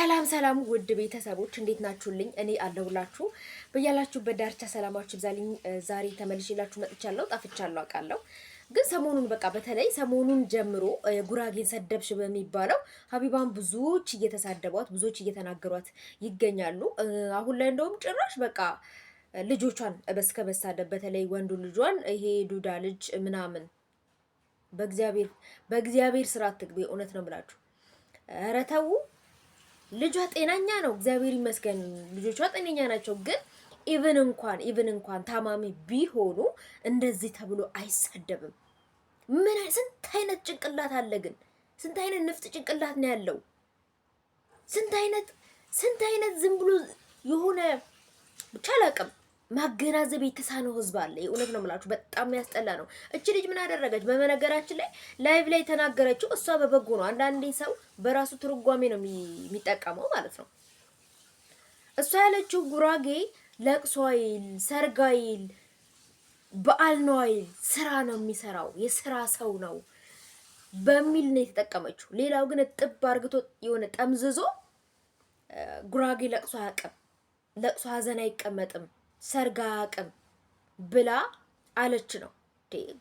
ሰላም ሰላም ውድ ቤተሰቦች እንዴት ናችሁልኝ? እኔ አለሁላችሁ በያላችሁበት ዳርቻ ሰላማችሁ ይብዛልኝ። ዛሬ ተመልሼላችሁ መጥቻለሁ። ጠፍቻለሁ አውቃለሁ፣ ግን ሰሞኑን በቃ በተለይ ሰሞኑን ጀምሮ ጉራጌን ሰደብሽ በሚባለው ሀቢባን ብዙዎች እየተሳደቧት ብዙዎች እየተናገሯት ይገኛሉ። አሁን ላይ እንደውም ጭራሽ በቃ ልጆቿን በስከ መሳደብ በተለይ ወንዱ ልጇን ይሄ ዱዳ ልጅ ምናምን በእግዚአብሔር በእግዚአብሔር ስራ አትግቢ። እውነት ነው የምላችሁ ኧረ ተው ልጇ ጤናኛ ነው፣ እግዚአብሔር ይመስገን። ልጆቿ ጤነኛ ናቸው። ግን ኢቭን እንኳን ኢቭን እንኳን ታማሚ ቢሆኑ እንደዚህ ተብሎ አይሳደብም። ምን ስንት አይነት ጭንቅላት አለ ግን ስንት አይነት ንፍጥ ጭንቅላት ነው ያለው? ስንት አይነት ስንት አይነት ዝም ብሎ የሆነ ብቻ አላውቅም። ማገናዘብ የተሳነው ህዝብ አለ። የእውነት ነው የምላችሁ፣ በጣም የሚያስጠላ ነው። እች ልጅ ምን አደረገች? በመነገራችን ላይ ላይቭ ላይ የተናገረችው እሷ በበጎ ነው። አንዳንዴ ሰው በራሱ ትርጓሜ ነው የሚጠቀመው ማለት ነው። እሷ ያለችው ጉራጌ ለቅሶ አይል፣ ሰርግ አይል፣ በዓል ነው አይል፣ ስራ ነው የሚሰራው፣ የስራ ሰው ነው በሚል ነው የተጠቀመችው። ሌላው ግን ጥብ አርግቶ የሆነ ጠምዝዞ ጉራጌ ለቅሶ አያውቅም፣ ለቅሶ ሀዘን አይቀመጥም ሰርጋ አቅም ብላ አለች ነው።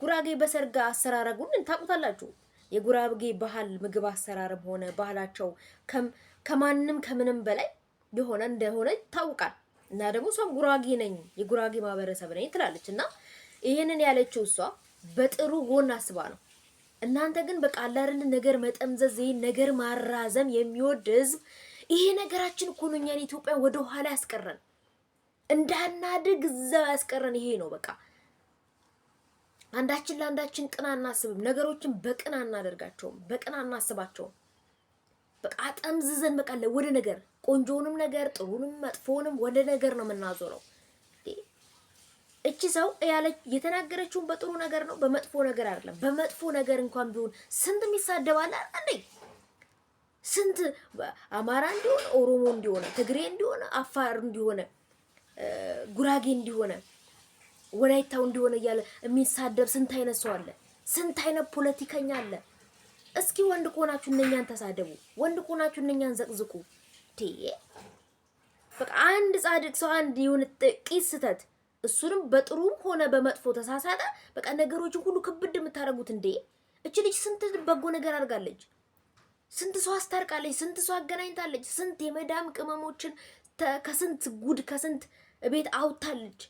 ጉራጌ በሰርጋ አሰራረጉን ታውቁታላችሁ። የጉራጌ ባህል ምግብ አሰራርም ሆነ ባህላቸው ከማንም ከምንም በላይ የሆነ እንደሆነ ይታወቃል። እና ደግሞ እሷም ጉራጌ ነኝ የጉራጌ ማህበረሰብ ነኝ ትላለች። እና ይህንን ያለችው እሷ በጥሩ ጎን አስባ ነው። እናንተ ግን በቃላርን ነገር መጠምዘዝ ይህን ነገር ማራዘም የሚወድ ህዝብ ይሄ ነገራችን እኮ ነው እኛን ኢትዮጵያን ወደ ኋላ ያስቀረን። እንዳናድግ እዛው ያስቀረን ይሄ ነው። በቃ አንዳችን ለአንዳችን ቅን አናስብም። ነገሮችን በቅን አናደርጋቸውም፣ በቅን አናስባቸውም። በቃ አጠምዝዘን በቃ ወደ ነገር ቆንጆውንም ነገር ጥሩንም መጥፎንም ወደ ነገር ነው የምናዞረው። እቺ ሰው ያለች የተናገረችውን በጥሩ ነገር ነው፣ በመጥፎ ነገር አይደለም። በመጥፎ ነገር እንኳን ቢሆን ስንት የሚሳደባለ እንዴ! ስንት አማራ እንዲሆነ ኦሮሞ እንዲሆነ ትግሬ እንዲሆነ አፋር እንዲሆነ ጉራጌ እንዲሆነ ወላይታው እንዲሆነ እያለ የሚሳደብ ስንት አይነት ሰው አለ። ስንት አይነት ፖለቲከኛ አለ። እስኪ ወንድ ከሆናችሁ እነኛን ተሳደቡ። ወንድ ከሆናችሁ እነኛን ዘቅዝቁ። በቃ አንድ ጻድቅ ሰው አንድ ይሁን ጥቂት ስህተት እሱንም በጥሩም ሆነ በመጥፎ ተሳሳተ፣ በቃ ነገሮችን ሁሉ ክብድ የምታደርጉት እንዴ! እች ልጅ ስንት በጎ ነገር አድርጋለች፣ ስንት ሰው አስታርቃለች፣ ስንት ሰው አገናኝታለች፣ ስንት የመዳም ቅመሞችን ከስንት ጉድ ከስንት እቤት አውታለች?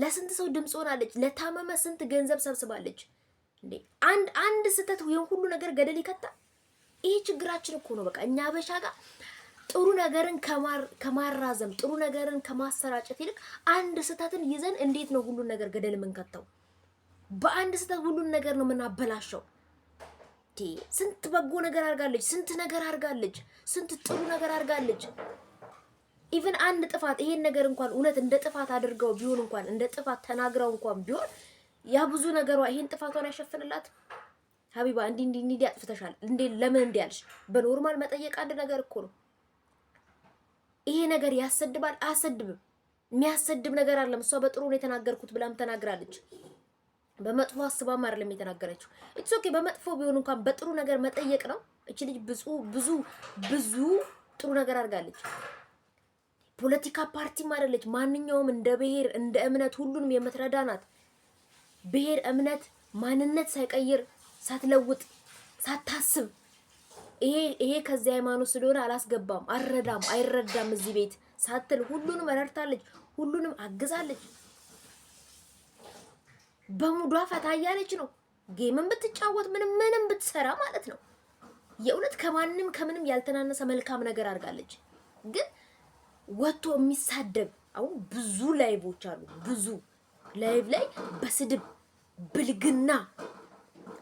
ለስንት ሰው ድምፅ ሆናለች። ለታመመ ስንት ገንዘብ ሰብስባለች። እንዴ አንድ አንድ ስህተት ይህን ሁሉ ነገር ገደል ይከታል። ይሄ ችግራችን እኮ ነው። በቃ እኛ አበሻ ጋር ጥሩ ነገርን ከማራዘም ጥሩ ነገርን ከማሰራጨት ይልቅ አንድ ስህተትን ይዘን እንዴት ነው ሁሉን ነገር ገደል የምንከተው? በአንድ ስህተት ሁሉን ነገር ነው የምናበላሸው። ስንት በጎ ነገር አድርጋለች፣ ስንት ነገር አድርጋለች፣ ስንት ጥሩ ነገር አድርጋለች። ኢቨን አንድ ጥፋት ይሄን ነገር እንኳን እውነት እንደ ጥፋት አድርገው ቢሆን እንኳን እንደ ጥፋት ተናግረው እንኳን ቢሆን ያ ብዙ ነገሯ ይሄን ጥፋቷን ያሸፍንላት። ሀቢባ እንዲህ እንዲህ እንዲህ አጥፍተሻል እንዴ ለምን እንዲህ ያልሽ? በኖርማል መጠየቅ አንድ ነገር እኮ ነው። ይሄ ነገር ያሰድባል? አያሰድብም። የሚያሰድብ ነገር አለም። እሷ በጥሩ ነው የተናገርኩት ብላም ተናግራለች። በመጥፎ አስባም አይደለም የተናገረችው። ኢትስ ኦኬ። በመጥፎ ቢሆን እንኳን በጥሩ ነገር መጠየቅ ነው። እቺ ልጅ ብዙ ብዙ ብዙ ጥሩ ነገር አድርጋለች። ፖለቲካ ፓርቲም አይደለች። ማንኛውም እንደ ብሔር እንደ እምነት ሁሉንም የምትረዳ ናት። ብሔር፣ እምነት፣ ማንነት ሳይቀይር ሳትለውጥ ሳታስብ ይሄ ይሄ ከዚህ ሃይማኖት ስለሆነ አላስገባም፣ አረዳም አይረዳም እዚህ ቤት ሳትል ሁሉንም ረድታለች፣ ሁሉንም አግዛለች። በሙዷ ፈታ እያለች ነው። ጌምን ብትጫወት ምንም ምንም ብትሰራ ማለት ነው። የእውነት ከማንም ከምንም ያልተናነሰ መልካም ነገር አድርጋለች ግን ወጥቶ የሚሳደብ አሁን ብዙ ላይቦች አሉ። ብዙ ላይብ ላይ በስድብ ብልግና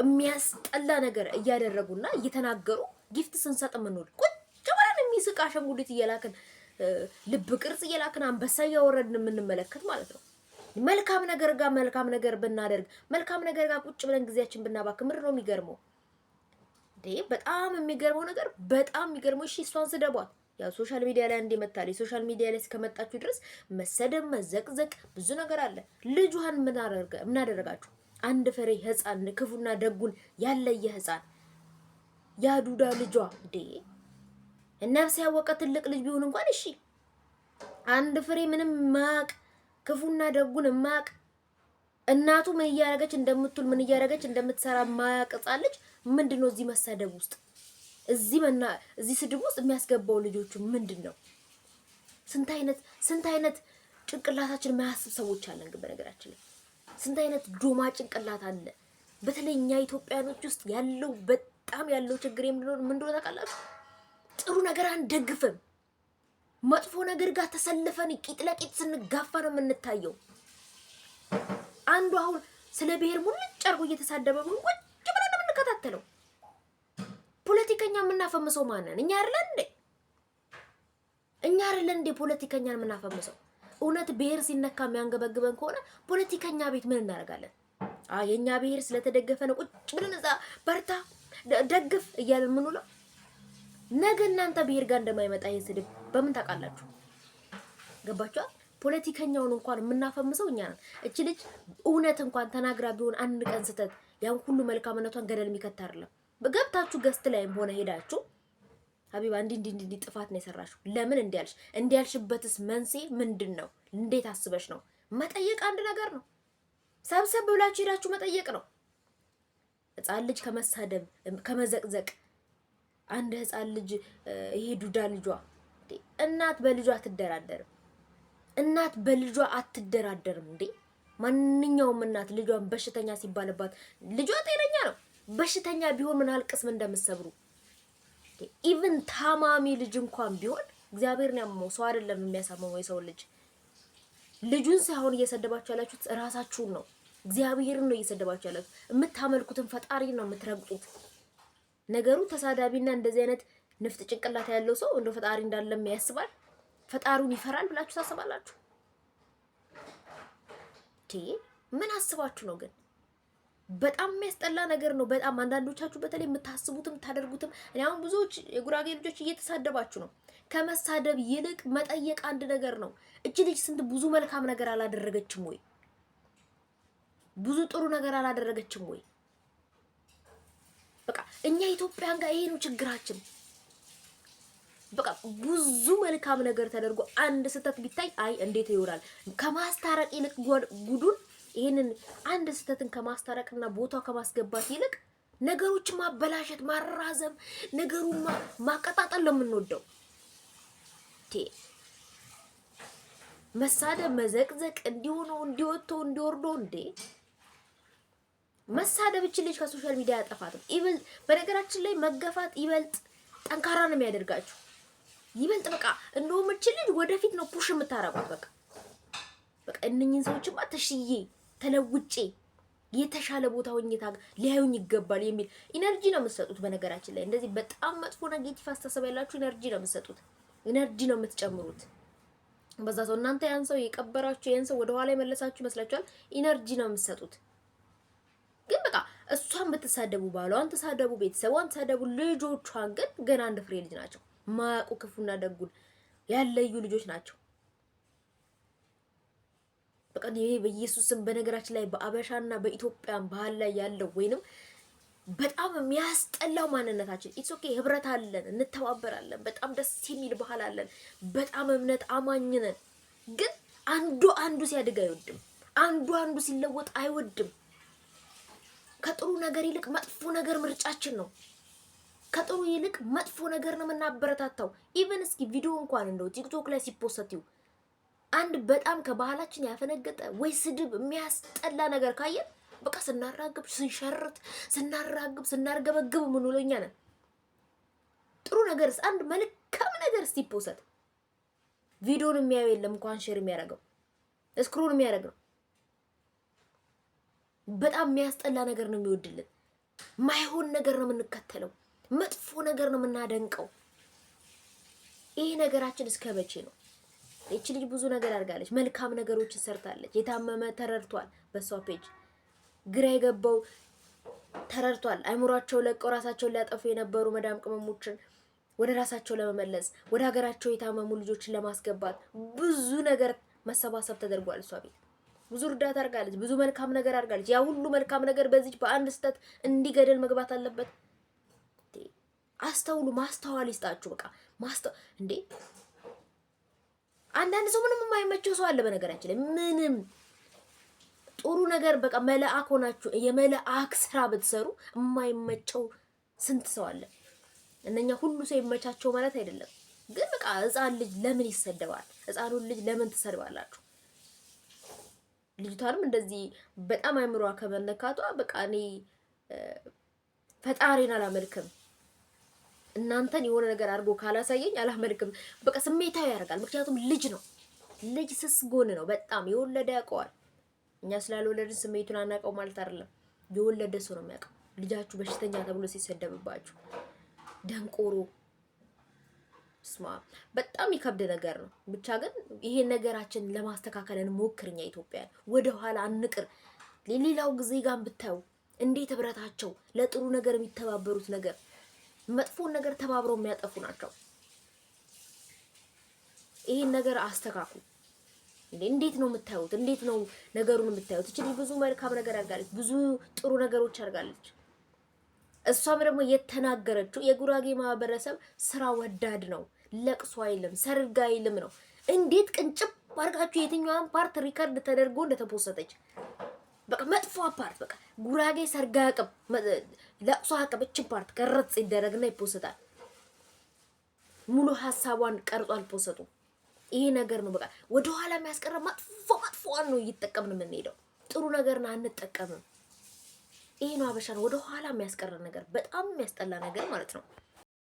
የሚያስጠላ ነገር እያደረጉና እየተናገሩ ጊፍት ስንሰጥ ምንል ቁጭ ብለን የሚስቅ አሻንጉሊት እየላክን ልብ ቅርጽ እየላክን አንበሳ እያወረድን የምንመለከት ማለት ነው። መልካም ነገር ጋር መልካም ነገር ብናደርግ መልካም ነገር ጋር ቁጭ ብለን ጊዜያችን ብናባክ ምር ነው የሚገርመው። በጣም የሚገርመው ነገር በጣም የሚገርመው እሺ፣ እሷን ስደቧት ያው ሶሻል ሚዲያ ላይ አንዴ መታለች። ሶሻል ሚዲያ ላይ እስከመጣችሁ ድረስ መሰደብ፣ መዘቅዘቅ ብዙ ነገር አለ። ልጇን ምን አደረጋችሁ? አንድ ፍሬ ህፃን ክፉና ደጉን ያለየ ህፃን ያዱዳ ልጇ ዴ ነፍስ ያወቀ ትልቅ ልጅ ቢሆን እንኳን እሺ፣ አንድ ፍሬ ምንም ማቅ ክፉና ደጉን ማቅ እናቱ ምን እያደረገች እንደምትውል ምን እያደረገች እንደምትሰራ ምንድን ምንድነው እዚህ መሰደብ ውስጥ እዚህ መና እዚህ ስድብ ውስጥ የሚያስገባው ልጆቹ ምንድን ነው? ስንት አይነት ስንት አይነት ጭንቅላታችን የማያስብ ሰዎች አለን። ግን በነገራችን ላይ ስንት አይነት ዶማ ጭንቅላት አለ። በተለይ እኛ ኢትዮጵያኖች ውስጥ ያለው በጣም ያለው ችግር የምንሆን ምን እንደሆነ ታውቃላችሁ? ጥሩ ነገር አንደግፍም። መጥፎ ነገር ጋር ተሰልፈን ቂጥ ለቂጥ ስንጋፋ ነው የምንታየው። አንዱ አሁን ስለ ብሔር ሙልጭ አድርጎ እየተሳደበ ቁጭ ብለን ነው የምንከታተለው። ፖለቲከኛ የምናፈምሰው ማንን? እኛ አይደለን እንዴ? እኛ አይደለን እንዴ ፖለቲከኛን የምናፈምሰው? እውነት ብሔር ሲነካ የሚያንገበግበን ከሆነ ፖለቲከኛ ቤት ምን እናደርጋለን? የእኛ ብሔር ስለተደገፈ ነው ቁጭ ብለን እዛ በርታ ደግፍ እያለን የምንውለው። ነገ እናንተ ብሔር ጋር እንደማይመጣ ይህን ስድብ በምን ታውቃላችሁ? ገባችኋል? ፖለቲከኛውን እንኳን የምናፈምሰው እኛ ነን። እች ልጅ እውነት እንኳን ተናግራ ቢሆን አንድ ቀን ስህተት ያን ሁሉ መልካምነቷን ገደል የሚከት አይደለም። ገብታችሁ ገስት ላይም ሆነ ሄዳችሁ ሀቢባ እንዲህ እንዲህ እንዲህ ጥፋት ነው የሰራሽው፣ ለምን እንዲያልሽ እንዲያልሽበትስ መንስኤ ምንድን ነው? እንዴት አስበሽ ነው? መጠየቅ አንድ ነገር ነው። ሰብሰብ ብላችሁ ሄዳችሁ መጠየቅ ነው። ህፃን ልጅ ከመሳደብ ከመዘቅዘቅ አንድ ህፃን ልጅ ይሄ ዱዳ ልጇ እናት በልጇ አትደራደርም። እናት በልጇ አትደራደርም እንዴ! ማንኛውም እናት ልጇን በሽተኛ ሲባልባት ልጇ ጤነኛ ነው። በሽተኛ ቢሆን ምን ቅስም እንደምሰብሩ ኢቭን ታማሚ ልጅ እንኳን ቢሆን እግዚአብሔርን ያመመው ሰው አይደለም የሚያሳምመው የሰው ልጅ ልጁን ሳይሆን እየሰደባችሁ ያላችሁት እራሳችሁን ነው። እግዚአብሔርን ነው እየሰደባችሁ ያላችሁ የምታመልኩትን ፈጣሪ ነው የምትረግጡት። ነገሩ ተሳዳቢና እንደዚህ አይነት ንፍጥ ጭንቅላት ያለው ሰው እንደ ፈጣሪ እንዳለም ያስባል፣ ፈጣሪውን ይፈራል ብላችሁ ታስባላችሁ? ምን አስባችሁ ነው ግን በጣም የሚያስጠላ ነገር ነው። በጣም አንዳንዶቻችሁ በተለይ የምታስቡትም የምታደርጉትም እኔ አሁን ብዙዎች የጉራጌ ልጆች እየተሳደባችሁ ነው። ከመሳደብ ይልቅ መጠየቅ አንድ ነገር ነው። እች ልጅ ስንት ብዙ መልካም ነገር አላደረገችም ወይ? ብዙ ጥሩ ነገር አላደረገችም ወይ? በቃ እኛ ኢትዮጵያን ጋር ይሄ ነው ችግራችን። በቃ ብዙ መልካም ነገር ተደርጎ አንድ ስህተት ቢታይ አይ እንዴት ይውላል? ከማስታረቅ ይልቅ ጉዱን ይህንን አንድ ስህተትን ከማስታረቅና ቦታ ከማስገባት ይልቅ ነገሮች ማበላሸት፣ ማራዘም፣ ነገሩን ማቀጣጠል ለምንወደው መሳደብ፣ መዘቅዘቅ እንዲሆነ እንዲወጥተው እንዲወርዶ እንዴ መሳደብ ልጅ ከሶሻል ሚዲያ ያጠፋትም። ይበልጥ በነገራችን ላይ መገፋት ይበልጥ ጠንካራ ነው የሚያደርጋችሁ። ይበልጥ በቃ እንደውም ልጅ ወደፊት ነው ፑሽ የምታረጓት። በቃ በቃ እነኝን ሰዎችማ ተሽዬ ተለውጬ የተሻለ ቦታ ሆኜ ሊያዩኝ ይገባል የሚል ኢነርጂ ነው የምትሰጡት። በነገራችን ላይ እንደዚህ በጣም መጥፎ ኔጌቲቭ አስተሳሰብ ያላችሁ ኢነርጂ ነው የምትሰጡት፣ ኢነርጂ ነው የምትጨምሩት በዛ ሰው። እናንተ ያን ሰው የቀበራችሁ ያን ሰው ወደኋላ የመለሳችሁ ይመስላችኋል። ኢነርጂ ነው የምትሰጡት። ግን በቃ እሷን ብትሳደቡ፣ ባሏን ተሳደቡ፣ ቤተሰቧን ተሳደቡ፣ ልጆቿን ግን ገና አንድ ፍሬ ልጅ ናቸው። ማያውቁ ክፉና ደጉን ያለዩ ልጆች ናቸው። በቃ ይሄ በኢየሱስም በነገራችን ላይ በአበሻና በኢትዮጵያን ባህል ላይ ያለው ወይንም በጣም የሚያስጠላው ማንነታችን ኢትስ ኦኬ ህብረት አለን፣ እንተባበራለን፣ በጣም ደስ የሚል ባህል አለን፣ በጣም እምነት አማኝ ነን። ግን አንዱ አንዱ ሲያድግ አይወድም፣ አንዱ አንዱ ሲለወጥ አይወድም። ከጥሩ ነገር ይልቅ መጥፎ ነገር ምርጫችን ነው። ከጥሩ ይልቅ መጥፎ ነገር ነው የምናበረታታው። ኢቨን እስኪ ቪዲዮ እንኳን እንደው ቲክቶክ ላይ ሲፖሰት አንድ በጣም ከባህላችን ያፈነገጠ ወይ ስድብ የሚያስጠላ ነገር ካየን በቃ ስናራግብ ስንሸርት ስናራግብ ስናርገበግብ ምንውለኛ ነን። ጥሩ ነገርስ አንድ መልካም ነገር እስቲ ይፖሰት። ቪዲዮን የሚያዩ የለም እንኳን ሼር የሚያደርገው እስክሮን የሚያደርግ ነው። በጣም የሚያስጠላ ነገር ነው የሚወድልን። ማይሆን ነገር ነው የምንከተለው። መጥፎ ነገር ነው የምናደንቀው። ይህ ነገራችን እስከ መቼ ነው? ይቺ ልጅ ብዙ ነገር አድርጋለች። መልካም ነገሮችን ሰርታለች። የታመመ ተረድቷል። በሷ ፔጅ ግራ የገባው ተረድቷል። አይምሯቸው ለቀው ራሳቸውን ሊያጠፉ የነበሩ መዳም ቅመሞችን ወደ ራሳቸው ለመመለስ ወደ ሀገራቸው የታመሙ ልጆችን ለማስገባት ብዙ ነገር መሰባሰብ ተደርጓል። እሷ ቤት ብዙ እርዳታ አድርጋለች። ብዙ መልካም ነገር አድርጋለች። ያ ሁሉ መልካም ነገር በዚች በአንድ ስህተት እንዲገደል መግባት አለበት? አስተውሉ። ማስተዋል ይስጣችሁ። በቃ ማስተ እንዴ አንዳንድ ሰው ምንም የማይመቸው ሰው አለ። በነገራችን ላይ ምንም ጥሩ ነገር በቃ መልአክ ሆናችሁ የመልአክ ስራ ብትሰሩ የማይመቸው ስንት ሰው አለ። እነኛ ሁሉ ሰው ይመቻቸው ማለት አይደለም፣ ግን በቃ ህፃን ልጅ ለምን ይሰደባል? ህፃኑን ልጅ ለምን ትሰድባላችሁ? ልጅቷንም እንደዚህ በጣም አይምሯ ከመነካቷ በቃ እኔ ፈጣሪን አላመልክም እናንተን የሆነ ነገር አድርጎ ካላሳየኝ አላመልክም። በቃ ስሜታዊ ያደርጋል። ምክንያቱም ልጅ ነው። ልጅ ስስ ጎን ነው። በጣም የወለደ ያውቀዋል። እኛ ስላልወለድን ስሜቱን አናውቀው ማለት አይደለም። የወለደ ሰው ነው የሚያውቀው። ልጃችሁ በሽተኛ ተብሎ ሲሰደብባችሁ ደንቆሮ ስማ በጣም ይከብድ ነገር ነው። ብቻ ግን ይሄ ነገራችን ለማስተካከል እንሞክር። እኛ ኢትዮጵያን ወደኋላ አንቅር። ሌላው ጊዜ ጋር ብታዩ እንዴት ህብረታቸው ለጥሩ ነገር የሚተባበሩት ነገር መጥፎን ነገር ተባብረው የሚያጠፉ ናቸው። ይሄን ነገር አስተካክሉ። እንዴት ነው የምታዩት? እንዴት ነው ነገሩን የምታዩት? እቺ ብዙ መልካም ነገር አድርጋለች፣ ብዙ ጥሩ ነገሮች አድርጋለች። እሷም ደግሞ የተናገረችው የጉራጌ ማህበረሰብ ስራ ወዳድ ነው፣ ለቅሶ አይልም፣ ሰርግ አይልም ነው። እንዴት ቅንጭብ አድርጋችሁ የትኛዋን ፓርት ሪከርድ ተደርጎ እንደተፖሰተች በቃ መጥፎ ፓርት በቃ ጉራጌ ሰርጋ አቅም ለቅሶ አቅም እችን ፓርት ቀረጽ ይደረግና ይፖስታል። ሙሉ ሀሳቧን ቀርጾ አልፖሰጡ። ይሄ ነገር ነው በቃ ወደኋላ የሚያስቀረ መጥፎ መጥፎዋን ነው እየተጠቀምን የምንሄደው። ጥሩ ነገርን አንጠቀምም። ይሄ ነው አበሻ ነው ወደኋላ የሚያስቀረ ነገር፣ በጣም የሚያስጠላ ነገር ማለት ነው።